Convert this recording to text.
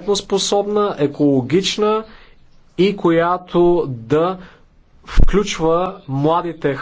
конкурентоспособна, екологична и която да включва младите